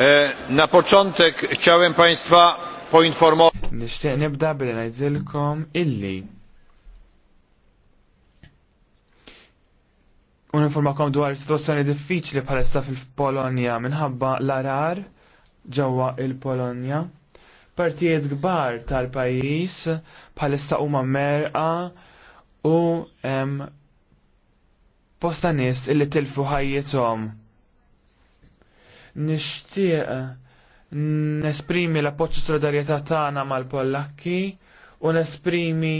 E, na początek chciałem Państwa poinformować. Nishtiq nibda billi ngħidilkom illi. Uninformakom dwar situazzjoni diffiċli bħalissa fil-Polonja minħabba l-arar ġewwa il-Polonja. Partijiet kbar tal-pajjiż bħalissa huma merqa u hemm posta nies illi tilfu ħajjithom nixtieq nesprimi l-appoġġ solidarjetà tagħna mal-Pollakki u nesprimi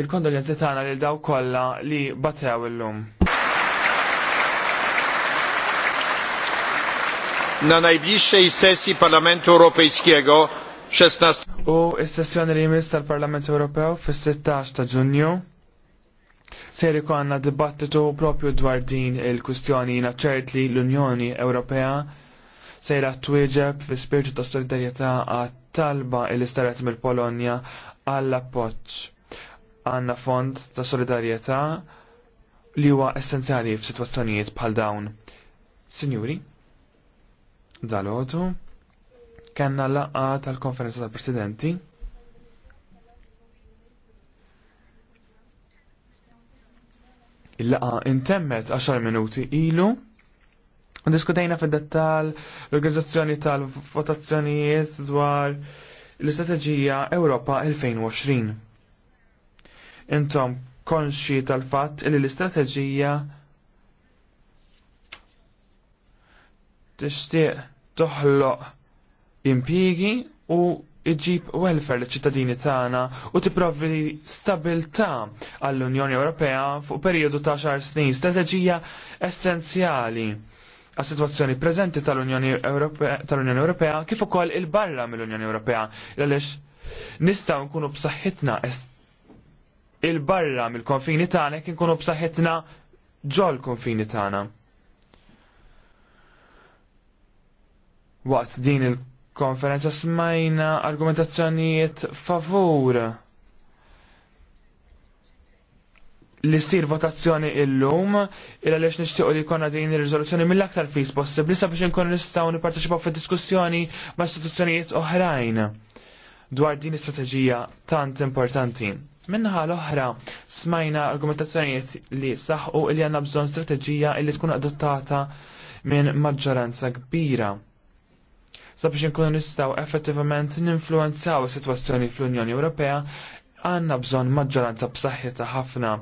il-kondoljenzi tagħna lil daw kollha li batew illum. Na najbliższej sesji Parlamentu Europejskiego 16 U s-sessjoni li jmiss tal-Parlament Ewropew fis-16 ta' Ġunju ser għanna dibattitu propju dwar din il-kustjoni naċċert li l-Unjoni Ewropea sejra twieġeb fi spirtu ta' solidarjetà għat talba il istaret mill-Polonja għall appoġġ għanna fond ta' solidarjetà li huwa essenzjali f'sitwazzjonijiet bħal dawn. Sinjuri, dal-għodu, kanna laqqa tal-konferenza tal-presidenti Il-laqa intemmet 10 minuti ilu. Diskutejna fid-dettal l-organizzazzjoni tal-votazzjonijiet dwar l-istrateġija Ewropa 2020. Intom konxi tal-fatt li l-istrateġija tixtieq toħloq impjiegi u iġib welfare l-ċittadini tagħna u tipprovdi stabilità għall-Unjoni Ewropea fuq perjodu ta' xar snin, strateġija essenzjali għas situazzjoni preżenti tal-Unjoni Ewropea, tal Ewropea kif ukoll il-barra mill-Unjoni Ewropea għaliex nistgħu nkunu b'saħħitna il-barra mill-konfini tagħna kien nkunu b'saħħitna ġol konfini tagħna. Waqt din il- konferenza smajna argumentazzjonijiet favur li sir votazzjoni illum il għaliex nixtiequ li jkollna din ir-riżoluzzjoni mill-aktar fis possibbli sabiex nkun nistgħu nipparteċipaw fid-diskussjoni ma' istituzzjonijiet oħrajn dwar din istrateġija tant importanti. Minnaħa l-oħra smajna argumentazzjonijiet li saħqu li għandna bżonn strateġija li tkun adottata minn maġġoranza kbira sabiex inkunu nistgħu effettivament ninfluenzaw is-sitwazzjoni fl-Unjoni Ewropea għanna bżon maġġoranza b'saħħita ħafna.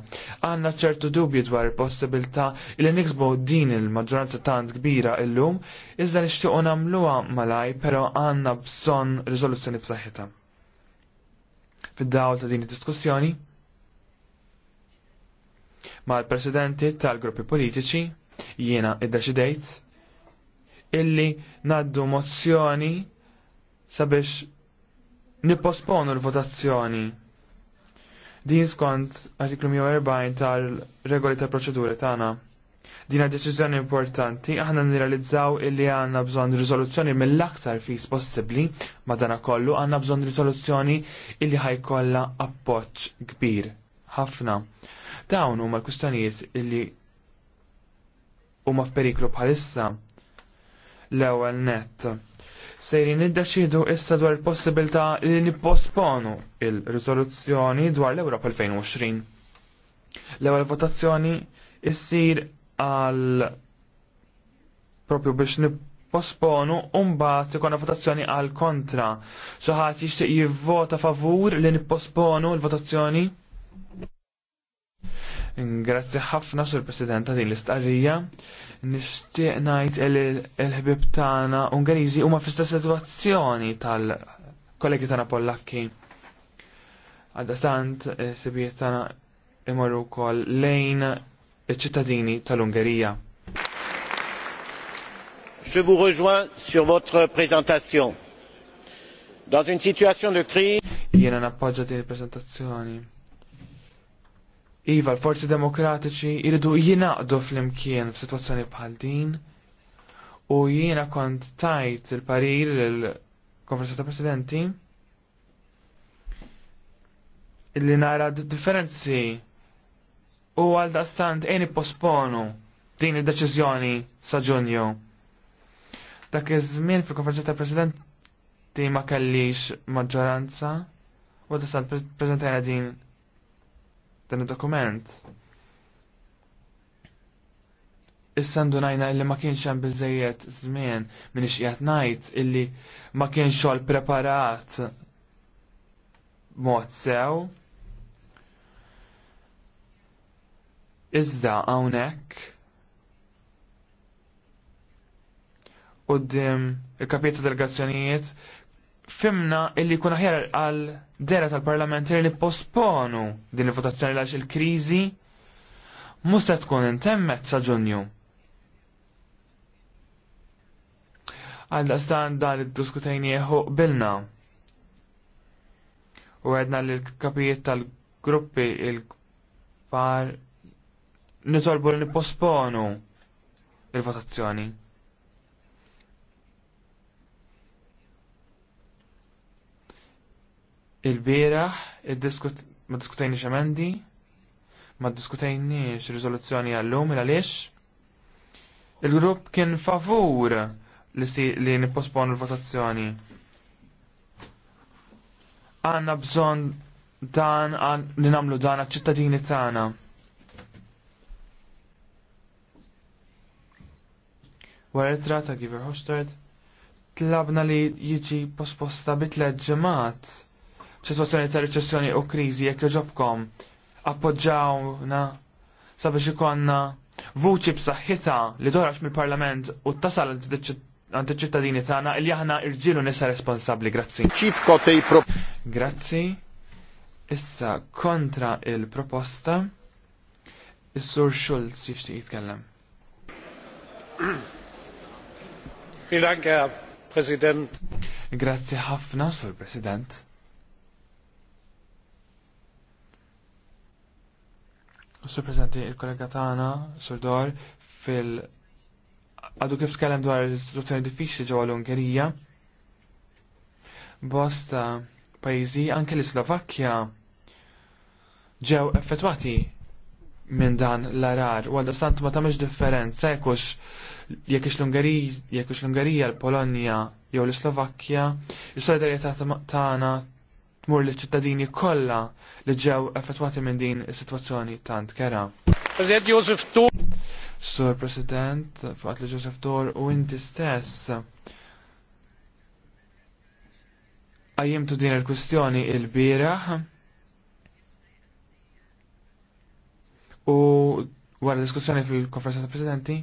Għanna ċertu dubju dwar il-possibilità li niksbu din il-maġġoranza tant kbira illum, iżda nixtiequ nagħmluha malaj, però għanna bżon riżoluzzjoni b'saħħitha. Fid-dawl ta' din id-diskussjoni mal-presidenti tal-gruppi politiċi jiena id-deċidejt illi naddu mozzjoni sabiex nipposponu l-votazzjoni. Din skont artiklu 140 tal-regoli tal proċeduri tagħna. Din hija deċiżjoni importanti, aħna nirrealizzaw illi għandna bżonn riżoluzzjoni mill-aktar fis possibbli, madanakollu għandna bżonn riżoluzzjoni illi ħajkollha appoġġ kbir ħafna. Dawn huma l-kustanijiet illi huma f'periklu bħalissa l-ewwel nett. Sejrin iddeċidu issa dwar il-possibilità li nipposponu il-riżoluzzjoni dwar l-Ewropa 2020. L-ewwel votazzjoni issir għal propju biex nipposponu mbagħad ikun votazzjoni għal kontra. Xi ħadd jixtieq jivvota favur li nipposponu l-votazzjoni? Grazzi ħafna sur President din l-istqarrija. Nixtieq ngħid il-ħbib tagħna Ungeriżi huma fl-istess sitwazzjoni tal-kollegi tagħna Pollakki. Għadastant sibijiet tagħna imorru wkoll lejn iċ-ċittadini tal-Ungerija. Je vous rejoins sur votre présentation. Dans une situation de crise. Jiena nappoġġa din il-presentazzjoni Iva, l-forzi demokratiċi jridu jinaqdu fl-imkien f'sitwazzjoni bħal din. U jiena kont tajt il-parir il-konferenza ta' presidenti illi nara differenzi u għal stant eni posponu din id-deċiżjoni sa' ġunju. Dak iż-żmien fil-konferenza ta' presidenti ma kellix maġġoranza u għal daqstant prezentajna din dan id-dokument. Issa ndunajna illi ma kienx hemm biżejjed żmien minn qiegħed ngħid illi ma kienx xogħol preparat mod sew. Iżda hawnhekk qudiem il kapitu delegazzjonijiet fimna illi kuna aħjar għal dera tal-parlamentari li posponu din il-votazzjoni għax il-krizi musta tkun intemmet sa' ġunju. Għal dan id-diskutajni bilna. U għedna l-kapijiet tal-gruppi il par nitolbu li nipposponu il-votazzjoni. Il-bieraħ ma diskutajniex emendi, ma x riżoluzzjoni għallum il Il-grupp kien favur li nipposponu l-votazzjoni. Għanna bżon dan li namlu dan għal-ċittadini tagħna. Wara ta' trata kif Hostard, tlabna li jiġi posposta bitlet ġemat situazzjoni ta' recessjoni u kriżi jekk joġobkom appoġġawna sabiex ikonna vuċi b'saħħitha li toħraġ mill-Parlament u tasal għand iċ-ċittadini tagħna li aħna irġielu nisa responsabbli. Grazzi. Grazzi. Issa kontra il-proposta is-Sur Schulz jixtieq jitkellem. Vielen Grazie ħafna, Sur President. Sur Presidenti, il-kollega tagħna Sur Dor fil għadu kif tkellem dwar il-situazzjoni diffiċli ġewwa l-Ungerija. Bosta pajjiżi anke l-Slovakkja ġew effettwati minn dan l-arar, u stant ma tamiex differenza jekkux jekkux l ungerija l-Polonja, jew l-Slovakkja, il-solidarieta tagħna tmur li ċittadini kollha li ġew effettwati minn din is-sitwazzjoni tant kera. President Joseph Tor. Sur President, fuqat li Joseph Tor u inti stess. Għajjimtu din il-kustjoni il-biraħ u wara diskussjoni fil-konferenza ta' presidenti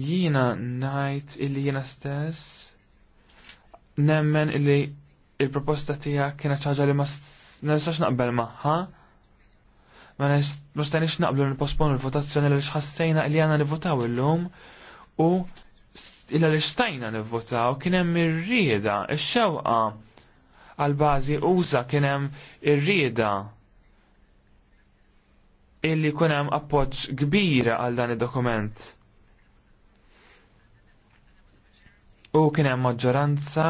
jiena najt illi jiena stess nemmen illi il-proposta tija kienet ħaġa li ma nistax naqbel magħha. Ma nistax naqblu nipposponu l-votazzjoni li xħassajna li għana nivvotaw illum u illa li xtajna nivvotaw kien hemm ir-rieda, il xewqa għal-bażi uża kien hemm ir-rieda illi jkun hemm appoġġ kbira għal dan id-dokument. U kien hemm maġġoranza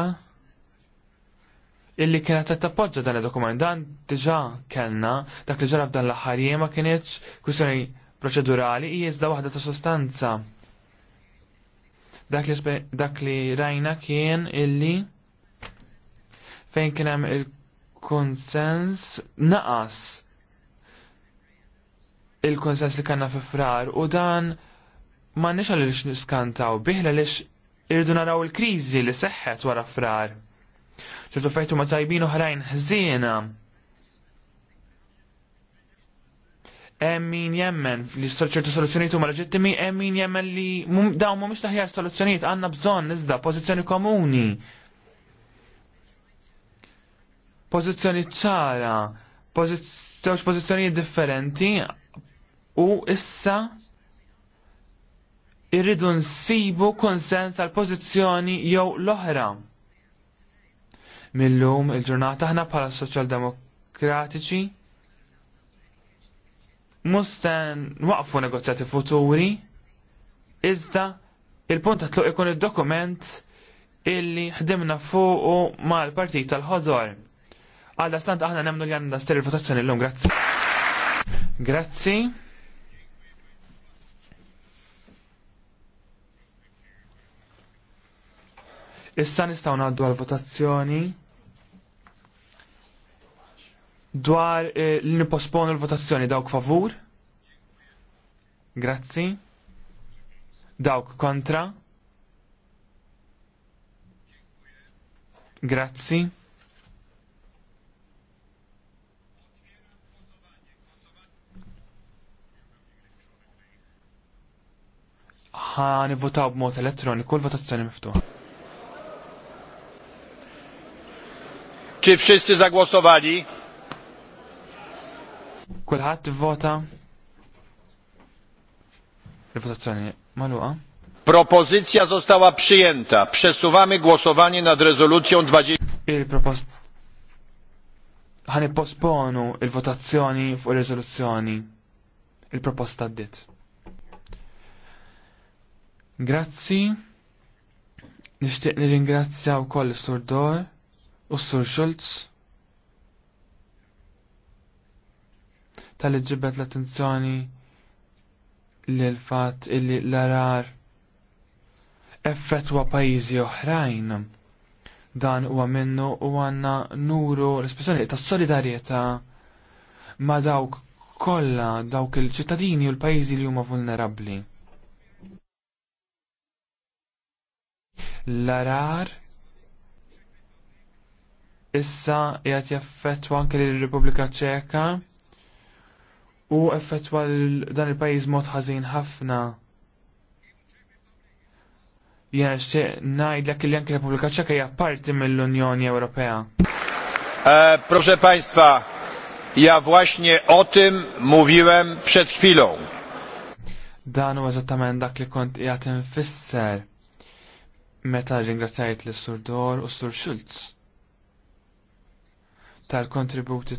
illi kienet qed tappoġġa dan id-dokument dan diġà kellna dak li ġara f'dan l-aħħar jiem ma kienieċ kwistjoni proċedurali hi iżda waħda ta' sostanza. Dak li, dak li rajna kien illi fejn kien hemm il-konsens naqas il-konsens li kanna fi frar u dan ma nix x niskantaw biħla x irdu naraw il-krizi li seħħet wara frar ċertu fejtu ma tajbin uħrajn ħżiena. Hemm min jemmen li ċertu soluzzjonijiet huma leġittimi, hemm min jemmen li dawn mhumiex taħjar aħjar soluzzjonijiet għandna bżonn iżda pożizzjoni komuni. Pożizzjoni ċara, żewġ pożizzjonijiet differenti u issa irridu nsibu konsens għal pożizzjoni jew l-oħra. Millum il-ġurnata aħna bħala soċjaldemokratiċi musten waqfu negozjati futuri iżda il-punt ta' tluq ikun id-dokument illi ħdimna fuqu mal-partit tal ħodżor Għadda stant aħna nemnu li għanna il votazzjoni l-lum, grazzi. Grazzi. Issa nistaw ngħaddu għal-votazzjoni dwar eh, li nipospon l-votazzjoni dawk favur? Grazzi. Dawk kontra? Grazzi. ħa nivvotaw b'mod elettroniku l-votazzjoni miftuħa. Czy wszyscy zagłosowali? Kulħadd vota. Il-votazzjoni maluqa. Propozycja została przyjęta. Przesuwamy głosowanie nad rezolucją 20. Il-propost ħani posponu il-votazzjoni fuq il-rezoluzzjoni il-proposta d Grazzi. Nishtiq nirringrazzja u koll sur Dor u sur Schultz. tal-ġibet l-attenzjoni l-fat illi l-arar effettwa pajizi oħrajn. Dan huwa minnu u għanna nuru l-espressjoni ta' solidarieta ma' dawk kollha dawk il-ċittadini u l-pajjiżi li huma vulnerabbli. L-arar issa jgħat jaffettwa anke lill-Repubblika Ċeka u effettwa dan il-pajjiż mod ħażin ħafna. Jena xtieq ngħidlek li anke Repubblika Ċeka hija parti mill-Unjoni Ewropea. E, proszę Państwa, ja właśnie o tym mówiłem przed chwilą. Dan huwa eżattament dak li kont qiegħed fisser meta ringrazzjajt l-Sur Dor u Sur Schulz tal-kontributi